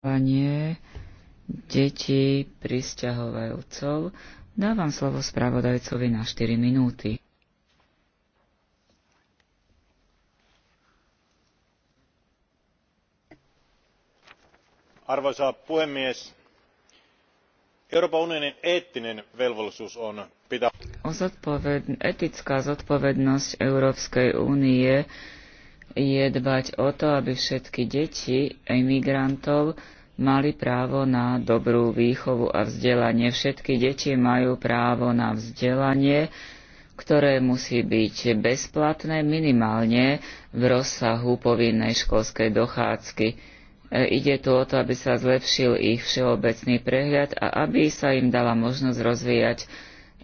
vzdelávanie detí pristahovajúcov. Dávam slovo spravodajcovi na 4 minúty. Arvoisa puhemies, Euroopan unionin eettinen velvollisuus on pitää... Etická zodpovednosť Európskej únie je dbať o to, aby všetky deti imigrantov mali právo na dobrú výchovu a vzdelanie. Všetky deti majú právo na vzdelanie, ktoré musí byť bezplatné minimálne v rozsahu povinnej školskej dochádzky. E, ide tu o to, aby sa zlepšil ich všeobecný prehľad a aby sa im dala možnosť rozvíjať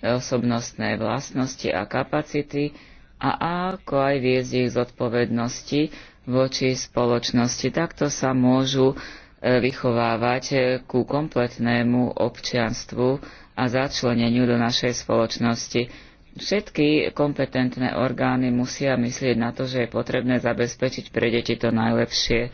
osobnostné vlastnosti a kapacity, a ako aj viesť ich zodpovednosti voči spoločnosti. Takto sa môžu e, vychovávať e, ku kompletnému občianstvu a začleneniu do našej spoločnosti. Všetky kompetentné orgány musia myslieť na to, že je potrebné zabezpečiť pre deti to najlepšie.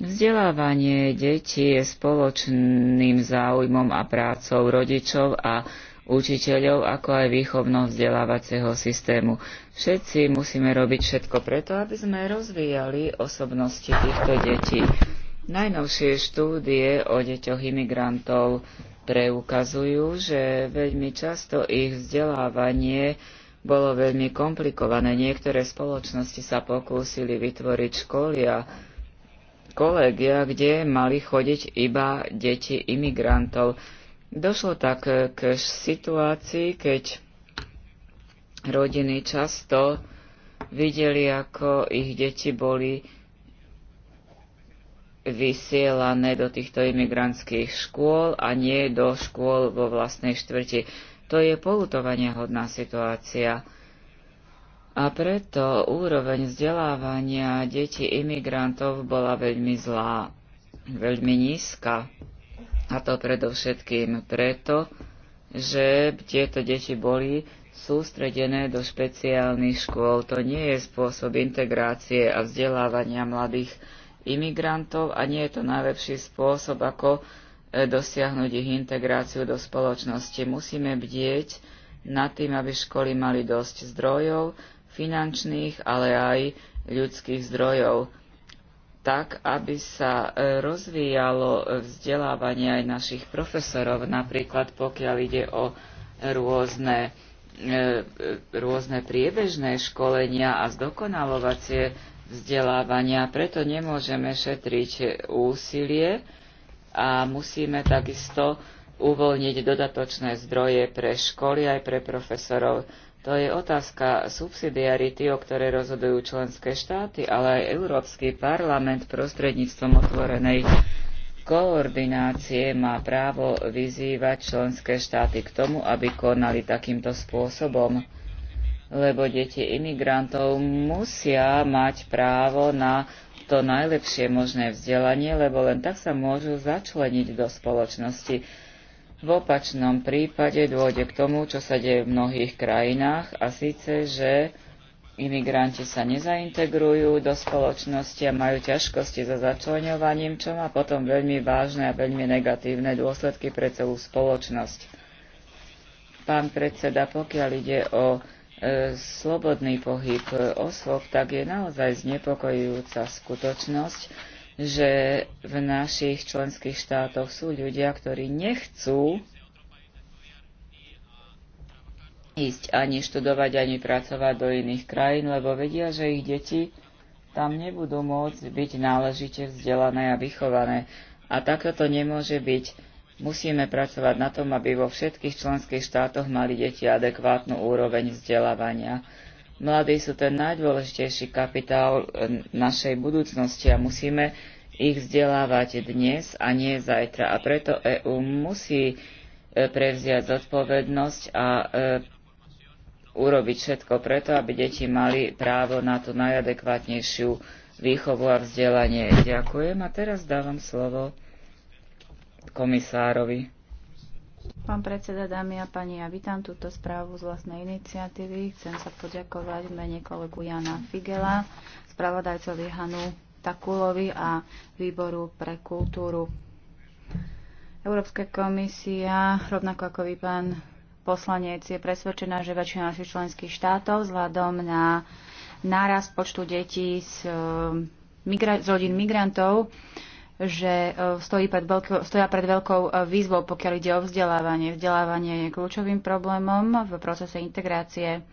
Vzdelávanie detí je spoločným záujmom a prácou rodičov a učiteľov, ako aj výchovno-vzdelávacieho systému. Všetci musíme robiť všetko preto, aby sme rozvíjali osobnosti týchto detí. Najnovšie štúdie o deťoch imigrantov preukazujú, že veľmi často ich vzdelávanie bolo veľmi komplikované. Niektoré spoločnosti sa pokúsili vytvoriť školy a kolegia, kde mali chodiť iba deti imigrantov Došlo tak eh, k situácii, keď rodiny často videli, ako ich deti boli vysielané do týchto imigrantských škôl a nie do škôl vo vlastnej štvrti. To je polutovania hodná situácia. A preto úroveň vzdelávania detí imigrantov bola veľmi zlá, veľmi nízka. A to predovšetkým preto, že tieto deti boli sústredené do špeciálnych škôl. To nie je spôsob integrácie a vzdelávania mladých imigrantov a nie je to najlepší spôsob, ako e, dosiahnuť ich integráciu do spoločnosti. Musíme bdieť nad tým, aby školy mali dosť zdrojov, finančných, ale aj ľudských zdrojov tak, aby sa e, rozvíjalo e, vzdelávanie aj našich profesorov, napríklad pokiaľ ide o rôzne, e, rôzne priebežné školenia a zdokonalovacie vzdelávania. Preto nemôžeme šetriť úsilie a musíme takisto uvoľniť dodatočné zdroje pre školy aj pre profesorov. To je otázka subsidiarity, o ktorej rozhodujú členské štáty, ale aj Európsky parlament prostredníctvom otvorenej koordinácie má právo vyzývať členské štáty k tomu, aby konali takýmto spôsobom, lebo deti imigrantov musia mať právo na to najlepšie možné vzdelanie, lebo len tak sa môžu začleniť do spoločnosti v opačnom prípade dôjde k tomu, čo sa deje v mnohých krajinách, a síce, že imigranti sa nezaintegrujú do spoločnosti a majú ťažkosti so začlenovaním, čo má potom veľmi vážne a veľmi negatívne dôsledky pre celú spoločnosť. Pán predseda, pokiaľ ide o e, slobodný pohyb osôb, tak je naozaj znepokojujúca skutočnosť, že v našich členských štátoch sú ľudia, ktorí nechcú ísť ani študovať, ani pracovať do iných krajín, lebo vedia, že ich deti tam nebudú môcť byť náležite vzdelané a vychované. A takto to nemôže byť. Musíme pracovať na tom, aby vo všetkých členských štátoch mali deti adekvátnu úroveň vzdelávania. Mladí sú ten najdôležitejší kapitál e, našej budúcnosti a musíme ich vzdelávať dnes a nie zajtra. A preto EÚ musí e, prevziať zodpovednosť a e, urobiť všetko preto, aby deti mali právo na tú najadekvátnejšiu výchovu a vzdelanie. Ďakujem a teraz dávam slovo komisárovi. Pán predseda, dámy a pani, ja vítam túto správu z vlastnej iniciatívy. Chcem sa poďakovať mene kolegu Jana Figela, spravodajcovi Hanu Takulovi a výboru pre kultúru. Európska komisia, rovnako ako vy, pán poslanec, je presvedčená, že väčšina našich členských štátov vzhľadom na nárast počtu detí z, eh, migra- z rodín migrantov že e, stojí pred veľkou, stoja pred veľkou e, výzvou, pokiaľ ide o vzdelávanie. Vzdelávanie je kľúčovým problémom v procese integrácie.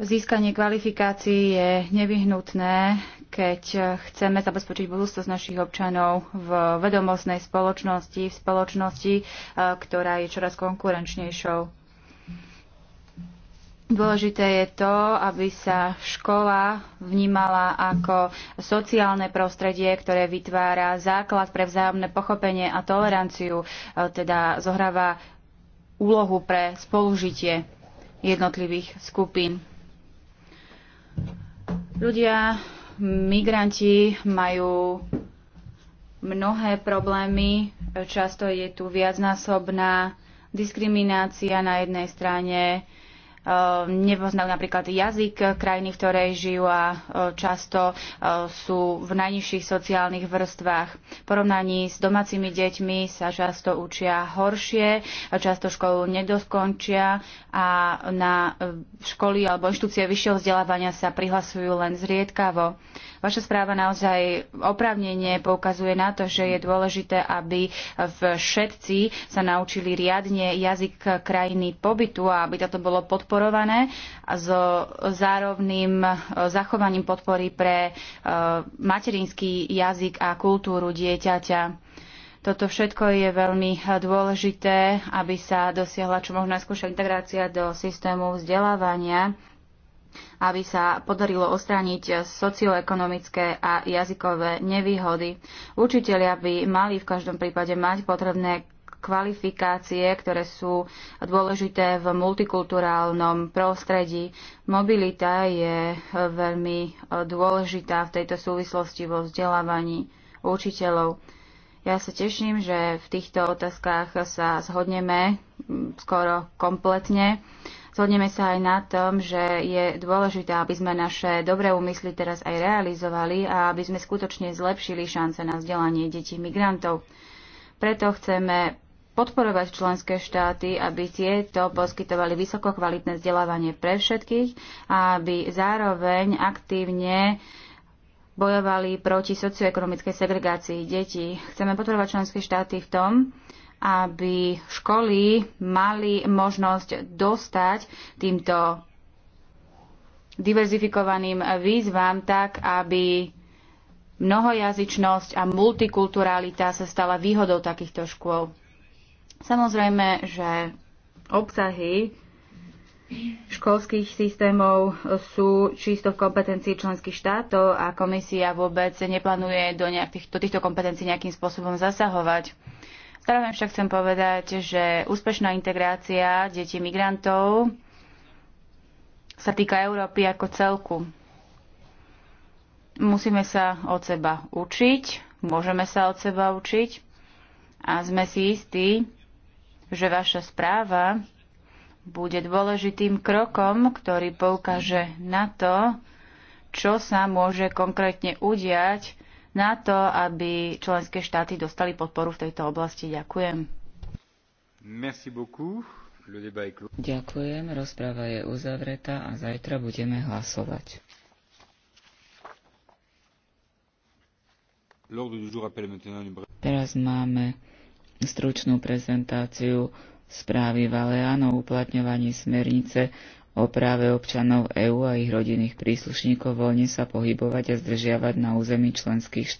Získanie kvalifikácií je nevyhnutné, keď chceme zabezpečiť budúcnosť našich občanov v vedomostnej spoločnosti, v spoločnosti, e, ktorá je čoraz konkurenčnejšou. Dôležité je to, aby sa škola vnímala ako sociálne prostredie, ktoré vytvára základ pre vzájomné pochopenie a toleranciu, e, teda zohráva úlohu pre spolužitie jednotlivých skupín. Ľudia, migranti majú mnohé problémy, často je tu viacnásobná diskriminácia na jednej strane, Ehm, nepoznajú napríklad jazyk krajiny, v ktorej žijú a e, často e, sú v najnižších sociálnych vrstvách. V porovnaní s domácimi deťmi sa často učia horšie, často školu nedoskončia a na e, školy alebo inštitúcie vyššieho vzdelávania sa prihlasujú len zriedkavo. Vaša správa naozaj opravnenie poukazuje na to, že je dôležité, aby všetci sa naučili riadne jazyk krajiny pobytu a aby toto bolo podporované podporované so zárovným e, zachovaním podpory pre e, materinský jazyk a kultúru dieťaťa. Toto všetko je veľmi e, dôležité, aby sa dosiahla čo možno najskôršia integrácia do systému vzdelávania aby sa podarilo ostrániť socioekonomické a jazykové nevýhody. Učiteľia by mali v každom prípade mať potrebné kvalifikácie, ktoré sú dôležité v multikulturálnom prostredí. Mobilita je veľmi e, dôležitá v tejto súvislosti vo vzdelávaní učiteľov. Ja sa teším, že v týchto otázkach sa zhodneme skoro kompletne. Zhodneme sa aj na tom, že je dôležité, aby sme naše dobré úmysly teraz aj realizovali a aby sme skutočne zlepšili šance na vzdelanie detí migrantov. Preto chceme podporovať členské štáty, aby tieto poskytovali vysokokvalitné vzdelávanie pre všetkých a aby zároveň aktívne bojovali proti socioekonomickej segregácii detí. Chceme podporovať členské štáty v tom, aby školy mali možnosť dostať týmto diverzifikovaným výzvam tak, aby mnohojazyčnosť a multikulturalita sa stala výhodou takýchto škôl. Samozrejme, že obsahy školských systémov sú čisto v kompetencii členských štátov a komisia vôbec neplánuje do, nejakých, do týchto kompetencií nejakým spôsobom zasahovať. Zároveň však chcem povedať, že úspešná integrácia detí migrantov sa týka Európy ako celku. Musíme sa od seba učiť, môžeme sa od seba učiť a sme si istí, že vaša správa bude dôležitým krokom, ktorý poukáže na to, čo sa môže konkrétne udiať na to, aby členské štáty dostali podporu v tejto oblasti. Ďakujem. Merci beaucoup. Ďakujem, rozpráva je uzavretá a zajtra budeme hlasovať. Teraz máme stručnú prezentáciu správy Valeano o uplatňovaní smernice o práve občanov EÚ a ich rodinných príslušníkov voľne sa pohybovať a zdržiavať na území členských štátov.